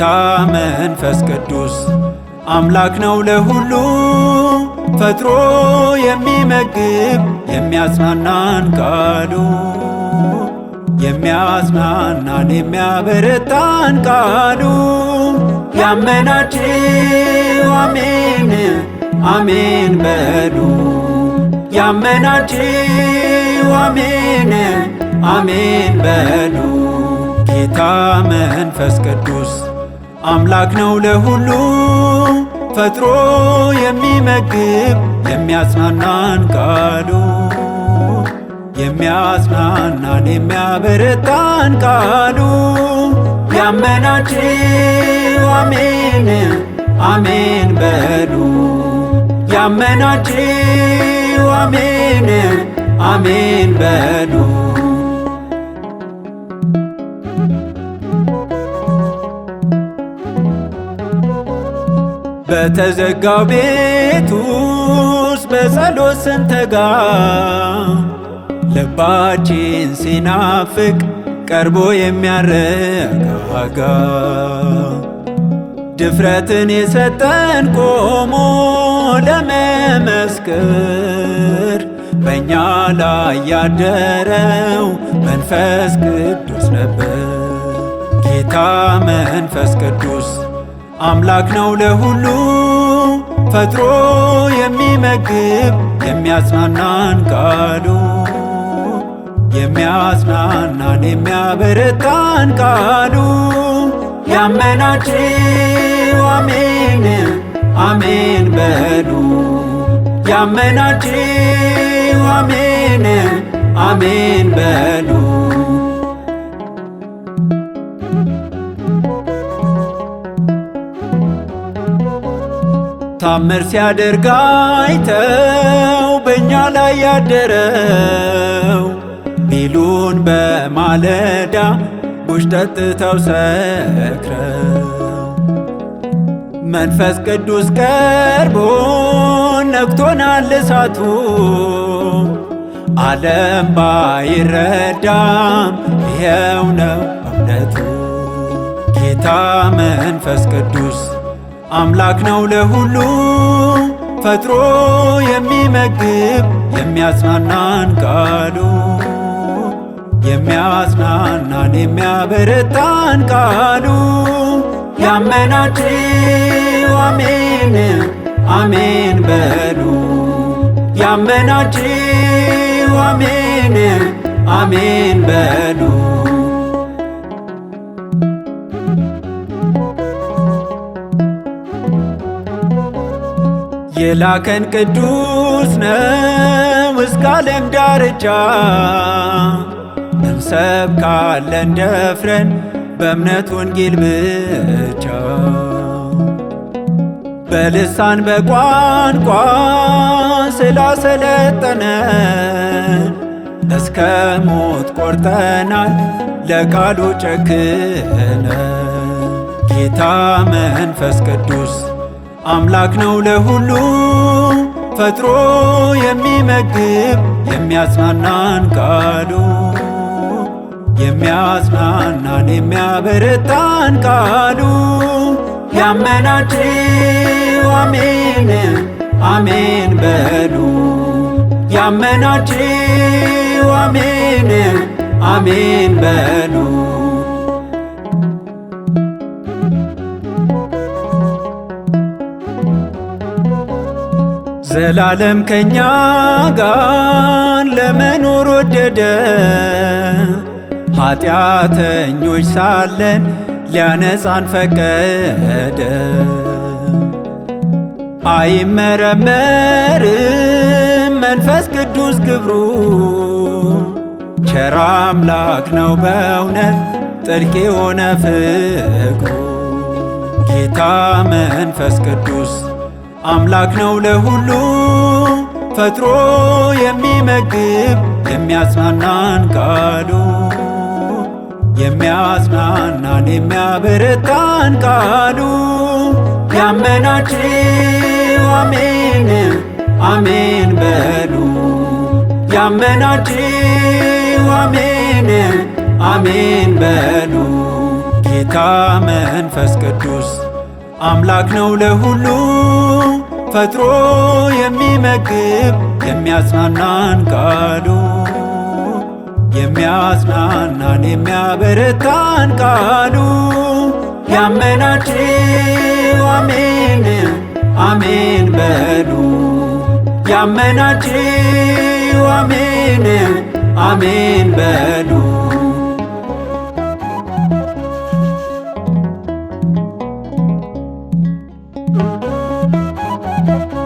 ጌታ መንፈስ ቅዱስ አምላክ ነው ለሁሉ ፈጥሮ የሚመግብ የሚያጽናናን ቃሉ የሚያጽናናን የሚያበረታን ቃሉ ያመናችሁ አሜን አሜን በሉ ያመናችሁ አሜን አሜን በሉ ጌታ መንፈስ ቅዱስ አምላክ ነው ለሁሉ ፈጥሮ የሚመግብ የሚያጽናናን ቃሉ የሚያጽናናን የሚያበረታን ቃሉ ያመናችሁ አሜን አሜን በሉ ያመናችሁ አሜን አሜን በሉ በተዘጋው ቤት ውስጥ በጸሎት ስንተጋ ልባችን ሲናፍቅ ቀርቦ የሚያረጋጋ ድፍረትን የሰጠን ቆሞ ለመመስክር በእኛ ላይ ያደረው መንፈስ ቅዱስ ነበር ጌታ መንፈስ ቅዱስ አምላክ ነው ለሁሉ ፈጥሮ የሚመግብ የሚያጽናናን ቃሉ የሚያጽናናን የሚያበረታን ቃሉ ያመናችሁ አሜን አሜን በሉ ያመናችሁ አሜን አሜን በሉ ታምር ሲያደርግ አይተው በእኛ ላይ ያደረው ቢሉን በማለዳ ጉሽ ጠጥተው ሰክረው መንፈስ ቅዱስ ቀርቦ ነግቶናል እሳቱ ዓለም ባይረዳም ይኸው ነው እውነቱ ጌታ መንፈስ ቅዱስ አምላክ ነው ለሁሉ ፈጥሮ የሚመግብ የሚያጽናናን ቃሉ የሚያጽናናን የሚያበረታን ቃሉ ያመናችሁ አሜን አሜን በሉ ያመናችሁ አሜን አሜን በሉ የላከን ቅዱስ ነው እስከ ዓለም ዳርቻ እንሰብካለን ደፍረን በእምነት ወንጌል ብቻ በልሳን በቋንቋ ስላሰለጠነን እስከ ሞት ቆርጠናል ለቃሉ ጨክነ ጌታ መንፈስ ቅዱስ አምላክ ነው ለሁሉ ፈጥሮ የሚመግብ የሚያጽናናን ቃሉ የሚያጽናናን የሚያበረታን ቃሉ ያመናችሁ አሜን አሜን በሉ ያመናችሁ አሜን አሜን በሉ ዘላለም ከኛ ጋር ለመኖር ወደደ። ኃጢአተኞች ሳለን ሊያነጻን ፈቀደ። አይመረመርም መንፈስ ቅዱስ ክብሩ፣ ቸር አምላክ ነው በእውነት ጥልቅ የሆነ ፍቅሩ። ጌታ መንፈስ ቅዱስ አምላክ ነው ለሁሉ ፈጥሮ የሚመግብ የሚያጽናናን ቃሉ የሚያጽናናን የሚያበረታን ቃሉ ያመናችሁ አሜን አሜን በሉ ያመናችሁ አሜን አሜን በሉ ጌታ መንፈስ ቅዱስ አምላክ ነው ለሁሉ ፈጥሮ የሚመግብ የሚያጽናናን ቃሉ የሚያጽናናን የሚያበረታን ቃሉ ያመናችሁ አሜን አሜን በሉ ያመናችሁ አሜን አሜን በሉ Thank you.